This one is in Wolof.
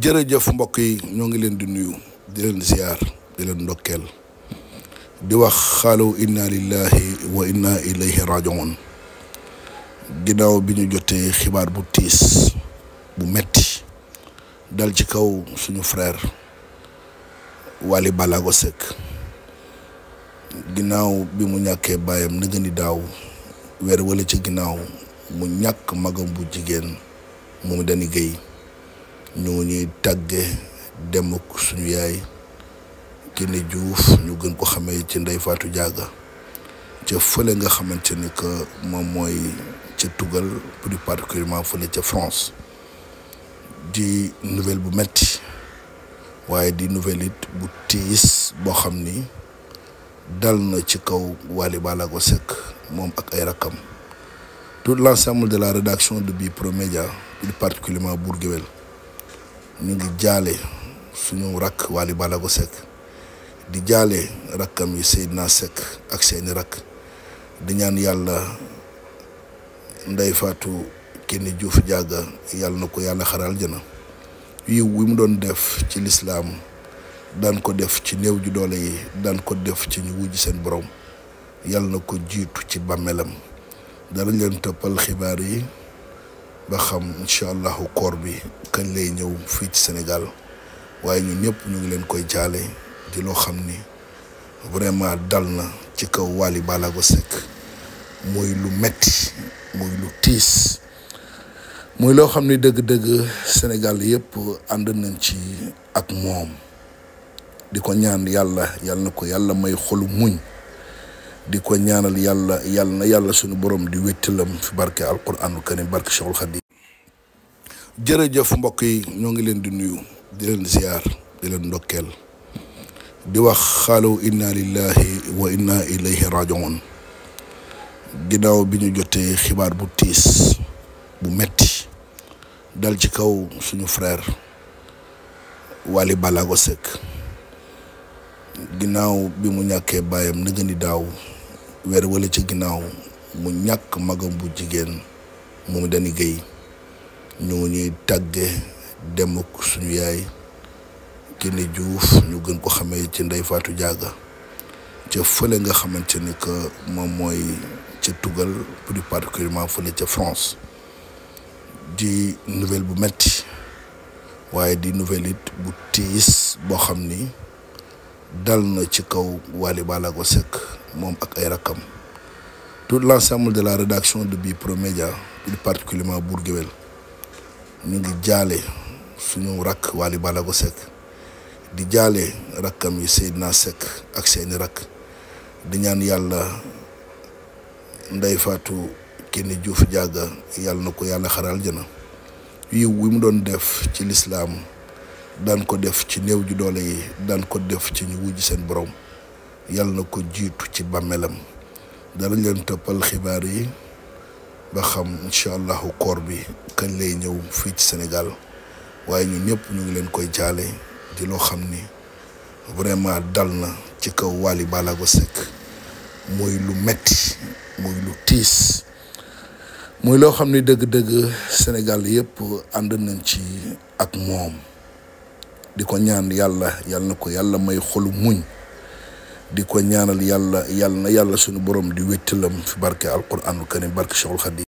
jërëjëf mbokk yi ñoo ngi leen di nuyu di leen ziar di leen ndokkeel di wax xaalaw inna lillahi wa inna ilayhi rajiun ginnaaw bi ñu jotee xibaar bu tiis bu metti dal ci kaw suñu frère Wally Ballago Seck ginnaaw bi mu ñàkkee baayam na ni daaw weer wala ci ginnaaw mu ñàkk magam bu jigéen moom dañuy géy ñu ngi ñuy tàgge demuk suñu yaay Kine Diouf ñu gën ko xamee ci Ndeye Fatou Diaga ca fële nga xamante ni que moom mooy ca tugal plus particulièrement fële ca France di nouvelle bu metti waaye di nouvelle it bu tiis boo xam ni dal na ci kaw Wally Ballago Seck moom ak ay rakkam tout l'ensemble de la rédaction de Bprod Média plus particulièrement Bour Gueweul ñu ngi jaale suñu rakk Wally Ballago sekk di jaale rakkam yi Seydina Seck ak seeni rakk di ñaan yàlla Ndeye Fatou Kiné Diouf Diaga yàlla na ko yàlla xaral jana yiw wi mu doon def ci lislaam daan ko def ci néew ju doole yi daan ko def ci ñu wujj seen borom yàlla na ko jiitu ci bàmmeelam dara leen toppal xibaar yi ba xam incha allahu koor bi kañ lay ñëw fii ci senegal waaye ñun ñëpp ñu ngi leen koy jaale di loo xam ni vraiment dal na ci kaw Wally Ballago Seck muy lu metti muy lu tiis muy loo xam ni dëgg-dëgg Sénégal yëpp ànd nañ ci ak moom di ko ñaan yàlla yàlla na ko yàlla may xolu muñ di ko ñaanal yàlla yàlla na yàlla suñu borom di wéttalam fi barke alquranu karim barke Cheikhul Khadim jërëjëf mbokk yi ñoo ngi leen di nuyu di leen ziar di leen ndokkeel di wax xaalaw inna lillahi wa inna ilayhi rajiun ginnaaw bi ñu jotee xibaar bu tiis bu metti dal ci kaw suñu frère Wally Ballago Seck ginnaaw bi mu ñàkkee baayam na nga ni daaw weer wala ci ginnaaw mu ñàkk magam bu jigéen moom dani géey ñu ñuy tàgge dem suñu yaay Kine juuf ñu gën ko xamee ci Ndeye Fatou Diaga ca fële nga xamante ni que moom mooy ca tugal plus particulièrement fële ca France di nouvelle bu metti waaye di nouvelle it bu tiis boo xam ni dal na ci kaw Wally Ballago Seck moom ak ay rakkam tout l'ensemble de la rédaction de Bi Pro Média plus particulièrement Bour Gueweul ñu ngi jaale suñu rakk Wally Ballago Seck di jaale rakkam yi naa Seck ak seeni rakk di ñaan yàlla Ndeye faatu Kiné Diouf Diaga yàlla na ko yàlla xaral jëna yiw wi mu doon def ci lislaam daan ko def ci néew ju doole yi daan ko def ci ñu wujj seen borom yàlla na ko jiitu ci bàmmeelam danañ leen tëppal xibaar yi ba xam incha allahu koor bi kañ lay ñëw fii ci senegal waaye ñu ñëpp ñu ngi leen koy jaale di loo xam ni vraiment dal na ci kaw Wally Ballago Seck muy lu metti muy lu tiis muy loo xam ni dëgg-dëgg Sénégal yëpp ànd nañ ci ak moom di ko ñaan yàlla yàlla na ko yàlla may xolu muñ di ko ñaanal yàlla yàlla na yàlla suñu borom di wéttalam fi barke alquranul karim barke cheikhul xadim